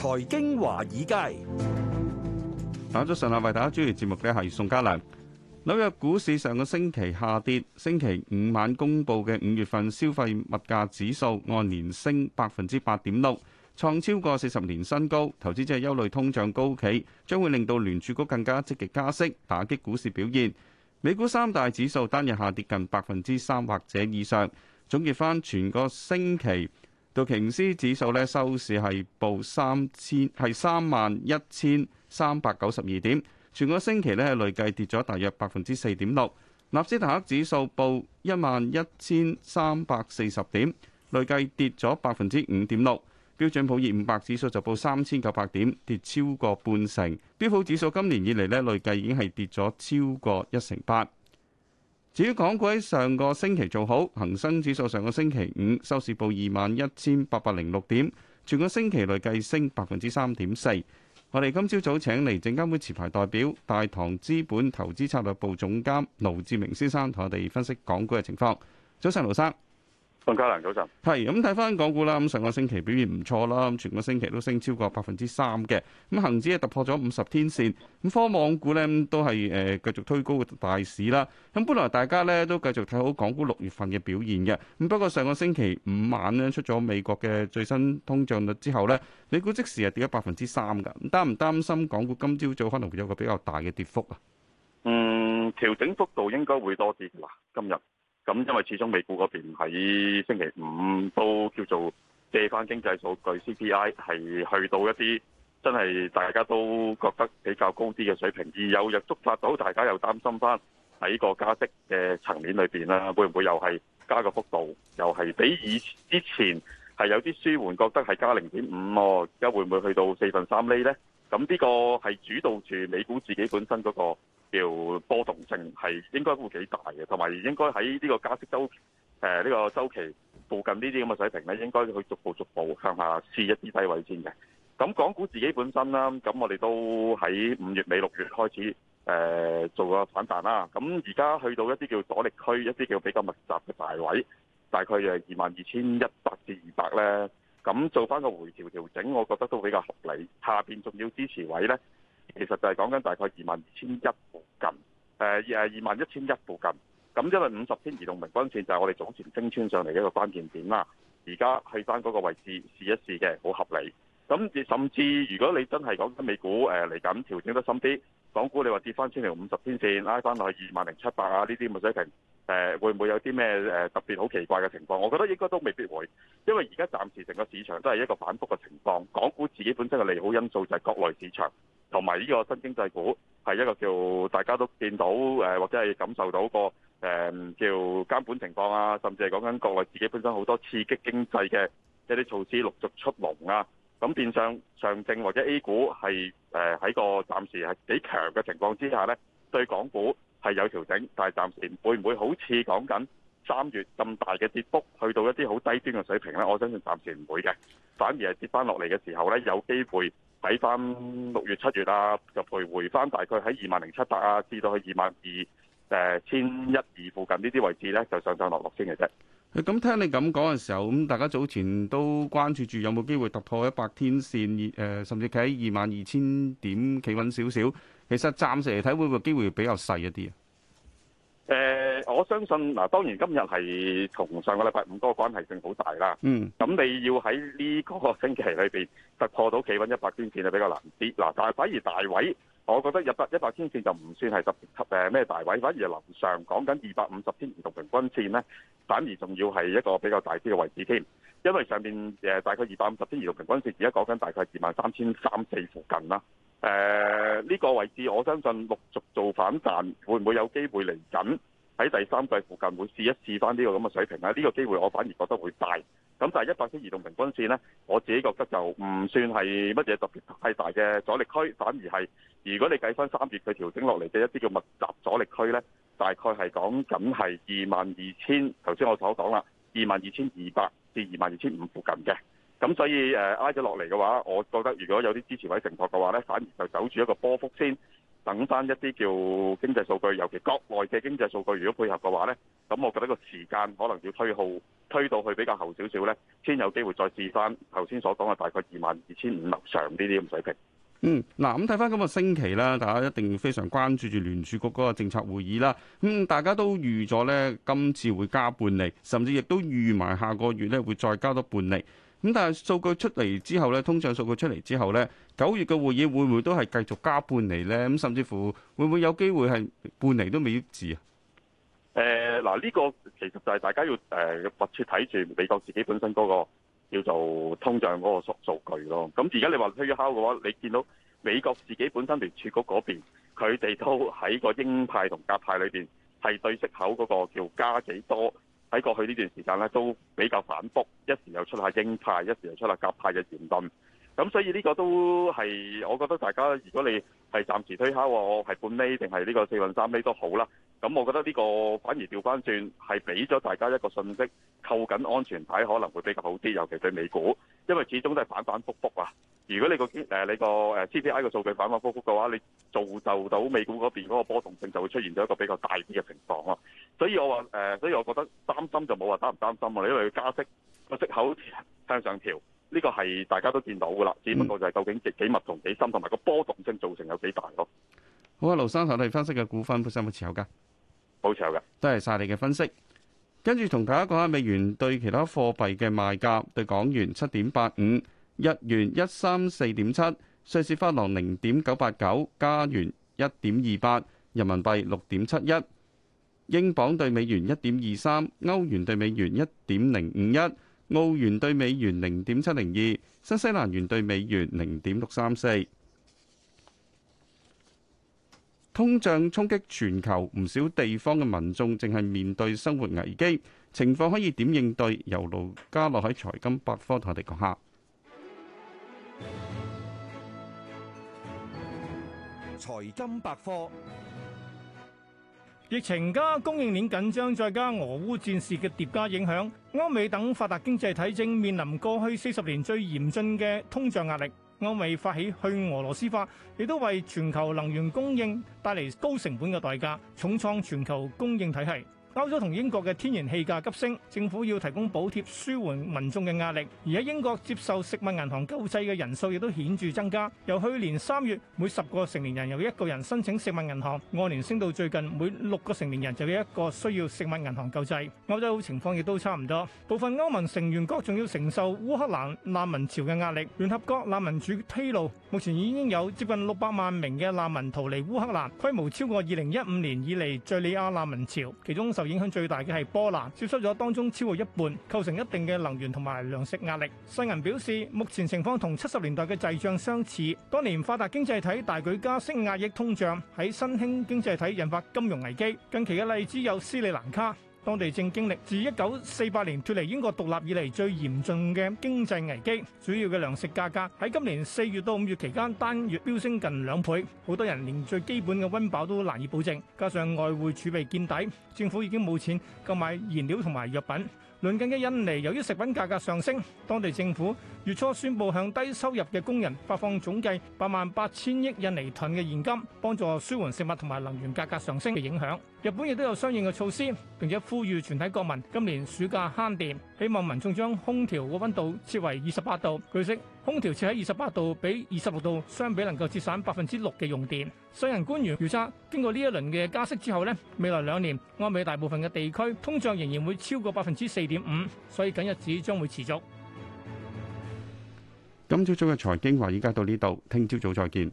財經華爾街，大家早晨，為大家主持節目嘅係宋嘉良。紐約股市上個星期下跌，星期五晚公布嘅五月份消費物價指數按年升百分之八點六，創超過四十年新高。投資者憂慮通脹高企，將會令到聯儲局更加積極加息，打擊股市表現。美股三大指數單日下跌近百分之三或者以上。總結翻全個星期，道瓊斯指數咧收市係報三千係三萬一千三百九十二點，全個星期咧係累計跌咗大約百分之四點六。納斯達克指數報一萬一千三百四十點，累計跌咗百分之五點六。標準普爾五百指數就報三千九百點，跌超過半成。標普指數今年以嚟咧累計已經係跌咗超過一成八。至於港股喺上個星期做好，恒生指數上個星期五收市報二萬一千八百零六點，全個星期內計升百分之三點四。我哋今朝早請嚟證監會持牌代表、大堂資本投資策略部總監盧志明先生，同我哋分析港股嘅情況。早晨，盧生。係咁睇翻港股啦，咁上個星期表現唔錯啦，咁全個星期都升超過百分之三嘅。咁恒指啊突破咗五十天線，咁科網股呢都係誒繼續推高個大市啦。咁本來大家呢都繼續睇好港股六月份嘅表現嘅。咁不過上個星期五晚呢出咗美國嘅最新通脹率之後呢，你估即時係跌咗百分之三噶。擔唔擔心港股今朝早，早可能會有個比較大嘅跌幅啊？嗯，調整幅度應該會多啲啦，今日。咁因為始終美股嗰邊喺星期五都叫做借翻經濟數據 CPI 係去到一啲真係大家都覺得比較高啲嘅水平，而有日觸發到大家又擔心翻喺個加息嘅層面裏邊啦，會唔會又係加個幅度，又係比以之前係有啲舒緩，覺得係加零點五，而家會唔會去到四分三厘咧？咁呢個係主導住美股自己本身嗰個叫波動性係應該會幾大嘅，同埋應該喺呢個加息周、呢、呃這個呢個周期附近呢啲咁嘅水平咧，應該去逐步逐步向下試一啲低位先嘅。咁港股自己本身啦，咁我哋都喺五月尾六月開始誒、呃、做個反彈啦。咁而家去到一啲叫阻力區，一啲叫比較密集嘅大位，大概就係二萬二千一百至二百咧。咁做翻個回調調整，我覺得都比較合理。下面仲要支持位咧。其實就係講緊大概二萬二千一附近，誒二萬一千一附近，咁因為五十天移動平均線就係我哋早前升穿上嚟一個關鍵點啦。而家去翻嗰個位置試一試嘅，好合理。咁甚至如果你真係講緊美股誒嚟緊調整得深啲，港股你話跌翻千零五十天線，拉翻落去二萬零七百啊，呢啲冇使驚。誒會唔會有啲咩誒特別好奇怪嘅情況？我覺得應該都未必會，因為而家暫時成個市場都係一個反覆嘅情況。港股自己本身嘅利好因素就係國內市場同埋呢個新經濟股，係一個叫大家都見到誒或者係感受到個誒叫監管情況啊，甚至係講緊國內自己本身好多刺激經濟嘅一啲措施陸續出籠啊。咁變相上證或者 A 股係誒喺個暫時係幾強嘅情況之下呢，對港股，係有調整，但係暫時會唔會好似講緊三月咁大嘅跌幅，去到一啲好低端嘅水平咧？我相信暫時唔會嘅，反而係跌翻落嚟嘅時候咧，有機會喺翻六月、七月啊，就回回翻大概喺二萬零七百啊，至到去二萬二誒千一二附近呢啲位置咧，就上上落落先嘅啫。咁聽你咁講嘅時候，咁大家早前都關注住有冇機會突破一百天線二，甚至喺二萬二千點企穩少少。其實暫時嚟睇，會唔會機會比較細一啲啊？誒，我相信嗱，當然今日係同上個禮拜五嗰個關係性好大啦。嗯。咁你要喺呢個星期裏邊突破到企穩一百天線，就比較難啲。嗱，但係反而大位。我覺得入達一百天線就唔算係特別誒咩大位，反而係樓上講緊二百五十天移動平均線呢，反而仲要係一個比較大啲嘅位置添。因為上面誒大概二百五十天移動平均線而家講緊大概二萬三千三四附近啦。誒、呃、呢、呢個位置我相信陸續做反彈，會唔會有機會嚟緊喺第三季附近會試一試翻呢個咁嘅水平咧？呢、呢個機會我反而覺得會大。咁但係一百天移動平均線呢，我自己覺得就唔算係乜嘢特別太大嘅阻力區，反而係。如果你計翻三月佢調整落嚟嘅一啲叫密集阻力區呢，大概係講緊係二萬二千，頭先我所講啦，二萬二千二百至二萬二千五附近嘅。咁所以誒挨咗落嚟嘅話，我覺得如果有啲支持位承托嘅話呢，反而就走住一個波幅先，等翻一啲叫經濟數據，尤其國內嘅經濟數據，如果配合嘅話呢，咁我覺得個時間可能要推後，推到去比較後少少呢，先有機會再試翻頭先所講嘅大概二萬二千五樓上呢啲咁水平。嗯，嗱，咁睇翻今個星期啦，大家一定非常關注住聯儲局嗰個政策會議啦。咁、嗯、大家都預咗咧今次會加半厘，甚至亦都預埋下個月咧會再加多半厘。咁但係數據出嚟之後咧，通脹數據出嚟之後咧，九月嘅會議會唔會都係繼續加半厘咧？咁甚至乎會唔會有機會係半厘都未止啊？誒、呃，嗱，呢個其實就係大家要誒密切睇住美國自己本身嗰、那個。叫做通脹嗰個數據咯，咁而家你話推敲嘅話，你見到美國自己本身聯儲局嗰邊，佢哋都喺個鷹派同鴿派裏邊，係對息口嗰個叫加幾多，喺過去呢段時間咧都比較反覆，一時又出下鷹派，一時又出下鴿派嘅言論。咁所以呢個都係，我覺得大家如果你係暫時推敲，我係半釐定係呢個四分三釐都好啦。咁我覺得呢個反而掉翻轉係俾咗大家一個信息，扣緊安全帶可能會比較好啲，尤其對美股，因為始終都係反反覆覆啊。如果你個誒你個誒 CPI 嘅數據反反覆覆嘅話，你造就到美股嗰邊嗰個波動性就會出現咗一個比較大啲嘅情況咯、啊。所以我話誒，所以我覺得擔心就冇話擔唔擔心啊。你因為加息個息口向上調。呢、這個係大家都見到嘅啦，只不過就係究竟幾密同幾深，同埋個波動性造成有幾大咯、嗯。好啊，盧生，同你分析嘅股份，本身有冇持有嘅？冇持有嘅，多謝晒你嘅分析。跟住同大家講下美元對其他貨幣嘅賣價：對港元七點八五，日元一三四點七，瑞士法郎零點九八九，加元一點二八，人民幣六點七一，英鎊對美元一點二三，歐元對美元一點零五一。澳元兌美元零點七零二，新西蘭元兌美元零點六三四。通脹衝擊全球，唔少地方嘅民眾淨係面對生活危機，情況可以點應對？由盧加樂喺財金百科同我哋講下。財金百科。疫情加供應鏈緊張，再加俄烏戰事嘅疊加影響，歐美等發達經濟體正面臨過去四十年最嚴峻嘅通脹壓力。歐美發起去俄羅斯化，亦都為全球能源供應帶嚟高成本嘅代價，重創全球供應體系。歐洲同英國嘅天然氣價急升，政府要提供補貼舒緩民眾嘅壓力。而喺英國接受食物銀行救濟嘅人數亦都顯著增加，由去年三月每十個成年人有一個人申請食物銀行，按年升到最近每六個成年人就有一個需要食物銀行救濟。歐洲情況亦都差唔多，部分歐盟成員國仲要承受烏克蘭難民潮嘅壓力。聯合國難民署披露，目前已經有接近六百萬名嘅難民逃離烏克蘭，規模超過二零一五年以嚟敍利亞難民潮，其中，受影響最大嘅係波蘭，接收咗當中超過一半，構成一定嘅能源同埋糧食壓力。世銀表示，目前情況同七十年代嘅滯脹相似，當年發達經濟體大舉加息壓抑通脹，喺新興經濟體引發金融危機。近期嘅例子有斯里蘭卡。當地正經歷自一九四八年脫離英國獨立以嚟最嚴重嘅經濟危機，主要嘅糧食價格喺今年四月到五月期間單月飆升近兩倍，好多人連最基本嘅溫飽都難以保證，加上外匯儲備見底，政府已經冇錢購買燃料同埋藥品。鄰近嘅印尼由於食品價格上升，當地政府月初宣布向低收入的工人發放總計8萬8千億印尼盾嘅現金，幫助舒緩食物同埋能源價格上升嘅影響。日本亦都有相應嘅措施，並且呼籲全體國民今年暑假慳電，希望民眾將空調嘅溫度設為28度。據悉空調設喺二十八度比二十六度相比能夠節省百分之六嘅用電。商人官員預測，經過呢一輪嘅加息之後呢，未來兩年，歐美大部分嘅地區通脹仍然會超過百分之四點五，所以緊日子將會持續。今朝早嘅財經話，依家到呢度，聽朝早再見。